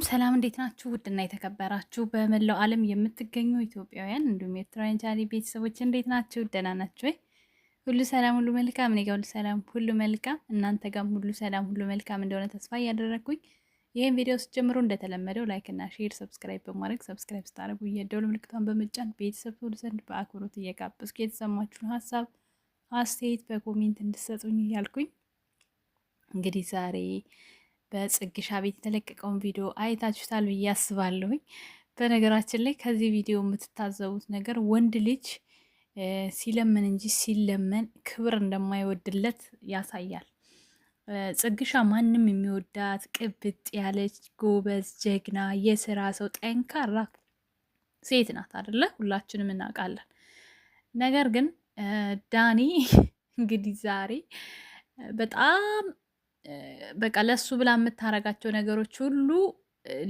ሰላም ሰላም፣ እንዴት ናችሁ? ውድና የተከበራችሁ በመላው ዓለም የምትገኙ ኢትዮጵያውያን እንዲሁም ኤርትራውያን ቻናሌ ቤተሰቦች እንዴት ናችሁ? ደህና ናችሁ ወይ? ሁሉ ሰላም ሁሉ መልካም፣ እኔ ጋር ሁሉ ሰላም ሁሉ መልካም፣ እናንተ ጋም ሁሉ ሰላም ሁሉ መልካም እንደሆነ ተስፋ እያደረግኩኝ ይህን ቪዲዮ ጀምሮ እንደተለመደው ላይክ እና ሼር፣ ሰብስክራይብ በማድረግ ሰብስክራይብ ስታደርጉ የደወል ምልክቷን በመጫን ቤተሰብ ሁሉ ዘንድ በአክብሮት እየጋበዝኩ የተሰማችሁን ሀሳብ አስተያየት በኮሜንት እንድሰጡኝ እያልኩኝ እንግዲህ ዛሬ በጽግሻ ቤት የተለቀቀውን ቪዲዮ አይታችሁታል ብዬ አስባለሁኝ። በነገራችን ላይ ከዚህ ቪዲዮ የምትታዘቡት ነገር ወንድ ልጅ ሲለምን እንጂ ሲለመን ክብር እንደማይወድለት ያሳያል። ጽግሻ ማንም የሚወዳት ቅብጥ ያለች ጎበዝ፣ ጀግና፣ የስራ ሰው፣ ጠንካራ ሴት ናት አደለ? ሁላችንም እናውቃለን። ነገር ግን ዳኒ እንግዲህ ዛሬ በጣም በቃ ለሱ ብላ የምታረጋቸው ነገሮች ሁሉ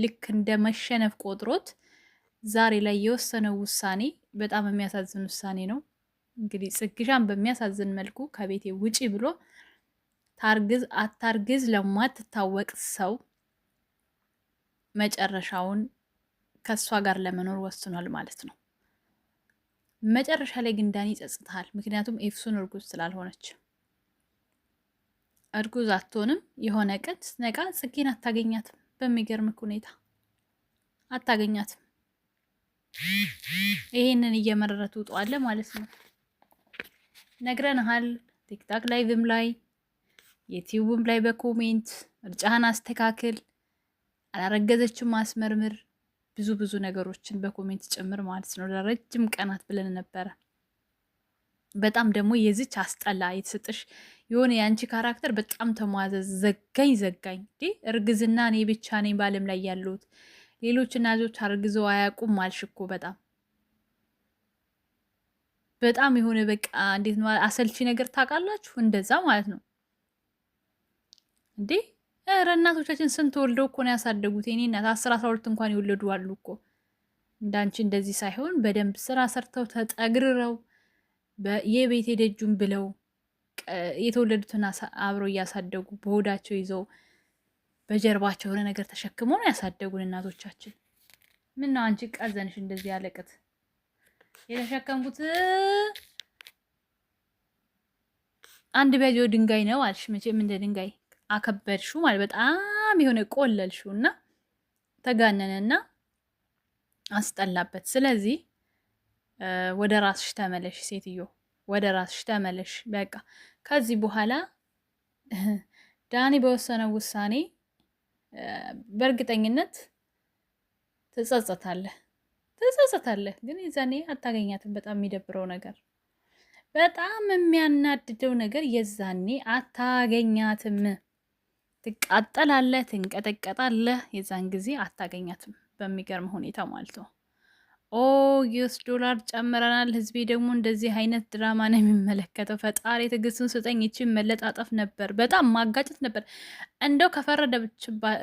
ልክ እንደ መሸነፍ ቆጥሮት ዛሬ ላይ የወሰነው ውሳኔ በጣም የሚያሳዝን ውሳኔ ነው። እንግዲህ ጽግሻን በሚያሳዝን መልኩ ከቤቴ ውጪ ብሎ ታርግዝ አታርግዝ ለማትታወቅ ሰው መጨረሻውን ከእሷ ጋር ለመኖር ወስኗል ማለት ነው። መጨረሻ ላይ ግን ዳኒ ይጸጽታል። ምክንያቱም ኤፍሱን እርጉዝ ስላልሆነች እርጉዝ አትሆንም። የሆነ ቀን ስትነቃ ጽጌን አታገኛትም። በሚገርምክ ሁኔታ አታገኛትም። ይሄንን እየመረረት ውጧለ ማለት ነው። ነግረንሃል። ቲክታክ ላይቭም ላይ ዩቲዩብም ላይ በኮሜንት ምርጫህን አስተካክል፣ አላረገዘችም አስመርምር፣ ብዙ ብዙ ነገሮችን በኮሜንት ጭምር ማለት ነው። ለረጅም ቀናት ብለን ነበረ። በጣም ደግሞ የዚች አስጠላ የተሰጠሽ የሆነ የአንቺ ካራክተር በጣም ተሟዘዝ። ዘጋኝ ዘጋኝ እንዴ! እርግዝና እኔ ብቻ ነኝ በዓለም ላይ ያለት ሌሎች እናቶች አርግዘው አያውቁም አልሽ እኮ። በጣም በጣም የሆነ በቃ እንዴት ነው አሰልቺ ነገር ታውቃላችሁ፣ እንደዛ ማለት ነው እንዴ። ኧረ እናቶቻችን ስንት ወልደው እኮ ነው ያሳደጉት። የኔ እናት አስር አስራ ሁለት እንኳን የወለዱ አሉ እኮ እንዳንቺ እንደዚህ ሳይሆን በደንብ ስራ ሰርተው ተጠግርረው የቤቴ ደጁን ብለው የተወለዱትን አብረው እያሳደጉ በሆዳቸው ይዘው በጀርባቸው የሆነ ነገር ተሸክሞ ነው ያሳደጉን እናቶቻችን። ምን ነው አንቺ ቀዘንሽ እንደዚህ ያለቅት የተሸከምኩት አንድ ቢያጆ ድንጋይ ነው አልሽ። መቼም እንደ ድንጋይ አከበድሹ ማለት በጣም የሆነ ቆለልሹ እና ተጋነነና አስጠላበት። ስለዚህ ወደ ራስሽ ተመለሽ ሴትዮ፣ ወደ ራስሽ ተመለሽ። በቃ ከዚህ በኋላ ዳኒ በወሰነው ውሳኔ በእርግጠኝነት ትጸጸታለህ፣ ትጸጸታለህ። ግን የዛኔ አታገኛትም። በጣም የሚደብረው ነገር፣ በጣም የሚያናድደው ነገር የዛኔ አታገኛትም። ትቃጠላለህ፣ ትንቀጠቀጣለህ። የዛን ጊዜ አታገኛትም በሚገርም ሁኔታ ማለት ነው። ኦ ዩስ ዶላር ጨምረናል። ህዝቤ ደግሞ እንደዚህ አይነት ድራማ ነው የሚመለከተው። ፈጣሪ ትዕግስቱን ስጠኝ። ይቺ መለጣጠፍ ነበር፣ በጣም ማጋጨት ነበር። እንደው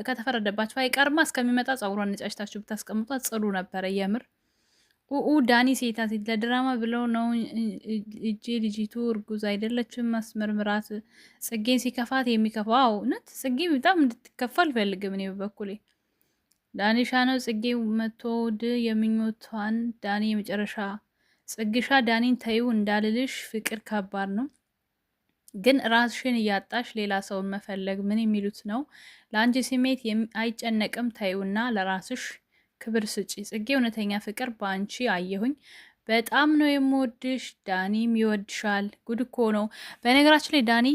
ከተፈረደባቸው አይቀርማ እስከሚመጣ ጸጉሯን ነጫጭታችሁ ብታስቀምጧት ጽሉ ነበረ። የምር ኡኡ ዳኒ ሴታ ሴት ለድራማ ብለው ነው እጅ ልጅቱ እርጉዝ አይደለችም አስመርምራት። ጽጌን ሲከፋት የሚከፋው እውነት ጽጌ በጣም እንድትከፋ አልፈልግም እኔ በበኩሌ ዳኒሻ ነው ጽጌ ውድ የምኞቷን ዳኒ የመጨረሻ ጽግሻ ዳኒን ተይው እንዳልልሽ ፍቅር ከባድ ነው፣ ግን ራስሽን እያጣሽ ሌላ ሰውን መፈለግ ምን የሚሉት ነው? ለአንቺ ስሜት አይጨነቅም። ተይውና ለራስሽ ክብር ስጪ። ጽጌ እውነተኛ ፍቅር በአንቺ አየሁኝ። በጣም ነው የምወድሽ። ዳኒም ይወድሻል። ጉድኮ ነው። በነገራችን ላይ ዳኒ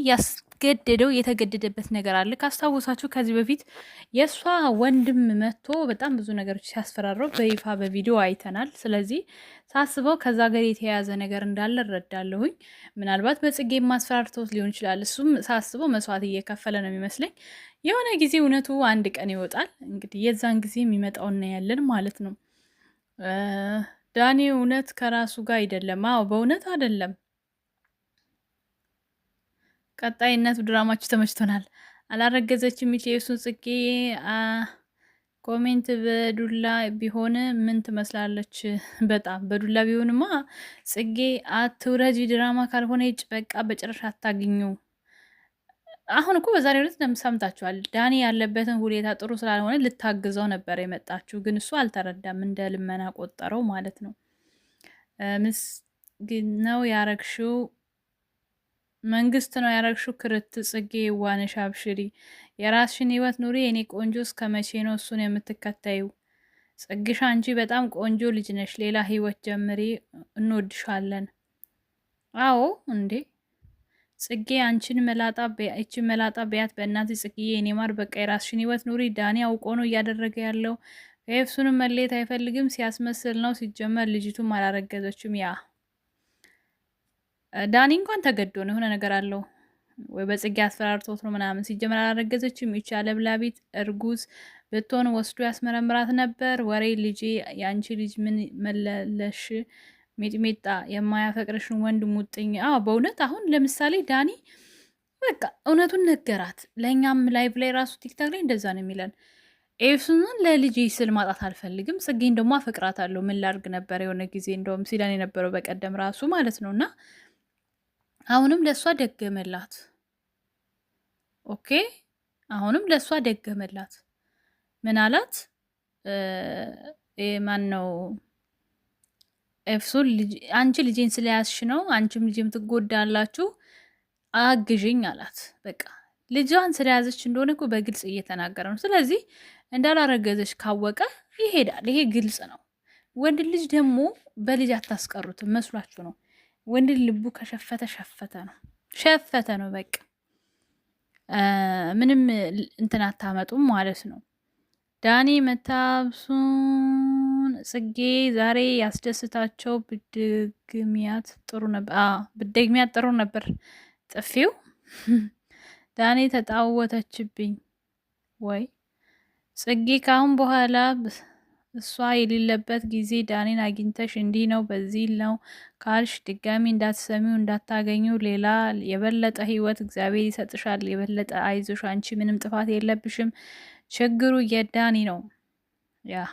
ያስገደደው የተገደደበት ነገር አለ። ካስታወሳችሁ ከዚህ በፊት የእሷ ወንድም መጥቶ በጣም ብዙ ነገሮች ሲያስፈራረው በይፋ በቪዲዮ አይተናል። ስለዚህ ሳስበው ከዛ ጋር የተያያዘ ነገር እንዳለ እረዳለሁኝ። ምናልባት በጽጌ ማስፈራርተውት ሊሆን ይችላል። እሱም ሳስበው መስዋዕት እየከፈለ ነው የሚመስለኝ። የሆነ ጊዜ እውነቱ አንድ ቀን ይወጣል። እንግዲህ የዛን ጊዜ የሚመጣው እናያለን ማለት ነው። ዳኔ እውነት ከራሱ ጋር አይደለም። አዎ በእውነት አይደለም። ቀጣይነቱ ድራማችሁ ተመችቶናል። አላረገዘች ሚቼ የሱን ጽጌ ኮሜንት በዱላ ቢሆን ምን ትመስላለች? በጣም በዱላ ቢሆንማ ጽጌ አትውረጂ፣ ድራማ ካልሆነ ይጭ በቃ በጭራሽ አታገኙ። አሁን እኮ በዛሬ ዕለት ሰምታችኋል። ዳኒ ያለበትን ሁኔታ ጥሩ ስላልሆነ ልታግዘው ነበር የመጣችሁ፣ ግን እሱ አልተረዳም። እንደ ልመና ቆጠረው ማለት ነው። ምስ ነው ያረግሽው መንግስት ነው ያረግሽው ክርት ጽጌ የዋነሽ አብሽሪ፣ የራስሽን ህይወት ኑሪ የኔ ቆንጆ። እስከ መቼ ነው እሱን የምትከተዩ? ጽግሻ አንቺ በጣም ቆንጆ ልጅ ነሽ። ሌላ ህይወት ጀምሪ። እንወድሻለን። አዎ እንዴ ጽጌ አንቺን መላጣ እቺ መላጣ ቢያት በእናት ጽጌዬ፣ የኔ ማር በቃ የራስሽን ህይወት ኑሪ። ዳኒ አውቆ ነው እያደረገ ያለው። ከኤፍሱንም መለየት አይፈልግም። ሲያስመስል ነው። ሲጀመር ልጅቱም አላረገዘችም ያ ዳኒ እንኳን ተገዶ ነው የሆነ ነገር አለው ወይ በጽጌ አስፈራርቶት ነው ምናምን። ሲጀመር አላረገዘችም። ይቺ አለብላቢት እርጉዝ ብትሆን ወስዶ ያስመረምራት ነበር። ወሬ ልጄ፣ የአንቺ ልጅ ምን መለለሽ ሚጥሚጣ፣ የማያፈቅርሽን ወንድ ሙጥኝ። አዎ በእውነት አሁን ለምሳሌ ዳኒ በቃ እውነቱን ነገራት። ለእኛም ላይቭ ላይ ራሱ ቲክታክ ላይ እንደዛ ነው የሚለን። ኤፍሱንን ለልጅ ስል ማጣት አልፈልግም፣ ጽጌን ደግሞ አፈቅራታለሁ ምን ላርግ ነበር የሆነ ጊዜ እንደውም ሲለን የነበረው በቀደም ራሱ ማለት ነው እና አሁንም ለእሷ ደገመላት። ኦኬ አሁንም ለእሷ ደገመላት። ምን አላት? ማን ነው ኤፍሱን? አንቺ ልጄን ስለያዝሽ ነው፣ አንቺም ልጄም ትጎዳላችሁ፣ አግዥኝ አላት። በቃ ልጇን ስለያዘች እንደሆነ እኮ በግልጽ እየተናገረ ነው። ስለዚህ እንዳላረገዘች ካወቀ ይሄዳል። ይሄ ግልጽ ነው። ወንድ ልጅ ደግሞ በልጅ አታስቀሩትም መስሏችሁ ነው ወንድን ልቡ ከሸፈተ ሸፈተ ነው ሸፈተ ነው በቃ ምንም እንትን አታመጡም ማለት ነው። ዳኒ መታብሱን ጽጌ ዛሬ ያስደስታቸው ብድግሚያት ጥሩ ነበር ብደግሚያት ጥሩ ነበር። ጥፊው ዳኒ ተጣወተችብኝ ወይ ጽጌ ካሁን በኋላ እሷ የሌለበት ጊዜ ዳኔን አግኝተሽ እንዲህ ነው በዚህ ነው ካልሽ ድጋሚ እንዳትሰሚው እንዳታገኙ ሌላ የበለጠ ህይወት እግዚአብሔር ይሰጥሻል። የበለጠ አይዞሽ፣ አንቺ ምንም ጥፋት የለብሽም። ችግሩ የዳኒ ነው። ያ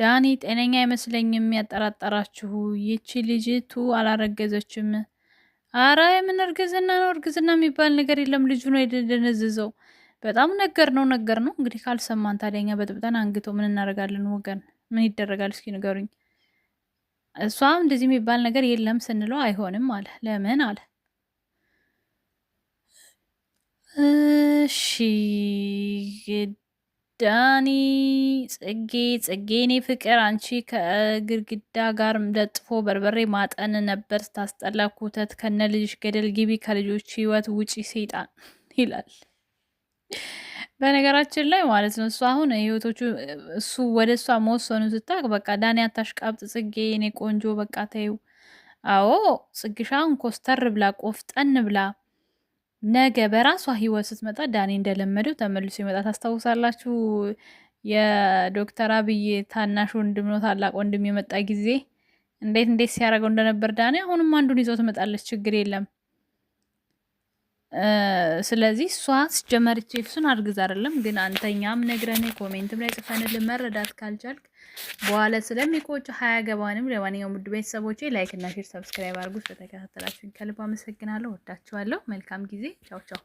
ዳኒ ጤነኛ አይመስለኝም። የሚያጠራጠራችሁ ይቺ ልጅቱ አላረገዘችም። አረ ምን እርግዝና ነው? እርግዝና የሚባል ነገር የለም። ልጁ ነው የደነዝዘው። በጣም ነገር ነው ነገር ነው። እንግዲህ ካልሰማን ታዲያ እኛ በጥብጠን አንግቶ ምን እናደርጋለን ወገን? ምን ይደረጋል? እስኪ ንገሩኝ። እሷም እንደዚህ የሚባል ነገር የለም ስንለው አይሆንም አለ። ለምን አለ። እሺ ዳኒ ጽጌ ጽጌ እኔ ፍቅር አንቺ ከግድግዳ ጋር ለጥፎ በርበሬ ማጠን ነበር ስታስጠላ ኩተት ከነ ልጅሽ ገደል ግቢ ከልጆች ህይወት ውጪ ሰይጣን ይላል። በነገራችን ላይ ማለት ነው እሱ አሁን ህይወቶቹ እሱ ወደ እሷ መወሰኑ ስታቅ በቃ ዳኒ አታሽቃብጥ ጽጌ ኔ ቆንጆ በቃ ተይው። አዎ ጽግሻን ኮስተር ብላ ቆፍጠን ብላ ነገ በራሷ ህይወት ስትመጣ ዳኒ እንደለመደው ተመልሶ ይመጣ። ታስታውሳላችሁ? የዶክተር አብይ ታናሽ ወንድም ነው ታላቅ ወንድም የመጣ ጊዜ እንዴት እንዴት ሲያደርገው እንደነበር ዳኒ። አሁንም አንዱን ይዘው ትመጣለች፣ ችግር የለም። ስለዚህ እሷ ስጀመር ቼፍሱን አርግዝ አይደለም ግን አንተኛም ነግረን ኮሜንትም ላይ ጽፈንልን መረዳት ካልቻልክ በኋላ ስለሚቆጭ ሀያ ገባንም። ለማንኛውም ውድ ቤተሰቦቼ ላይክ እና ሼር ሰብስክራይብ አርጉ። ስለተከታተላችሁ ከልብ አመሰግናለሁ። ወዳችኋለሁ። መልካም ጊዜ። ቻው ቻው።